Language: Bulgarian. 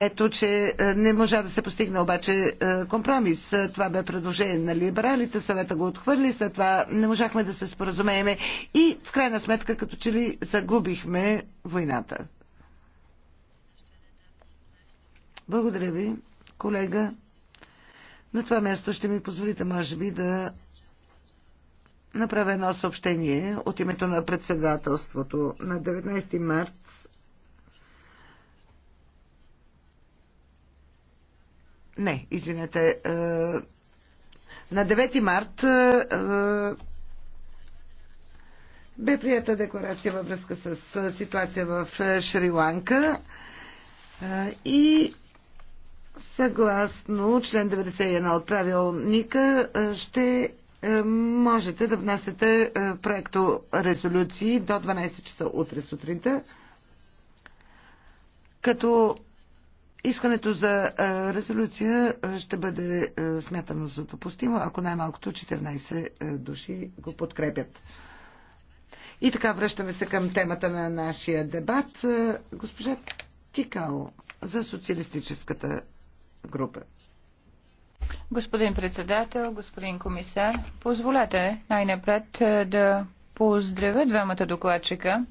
Ето, че е, не можа да се постигне обаче е, компромис. Е, това бе предложение на либералите, съвета го отхвърли, след това не можахме да се споразумееме и в крайна сметка като че ли загубихме войната. Благодаря ви, колега. На това място ще ми позволите, може би, да направя едно съобщение от името на председателството. На 19 март Не, извинете. Е, на 9 март е, е, бе прията декларация във връзка с ситуация в Шри-Ланка и съгласно член 91 от правилника ще можете да е, проекто резолюции до 12 часа утре сутринта, като Искането за резолюция ще бъде смятано за допустимо, ако най-малкото 14 души го подкрепят. И така връщаме се към темата на нашия дебат. Госпожа Тикао за социалистическата група. Господин председател, господин комисар, позволете най-напред да поздравя двамата докладчика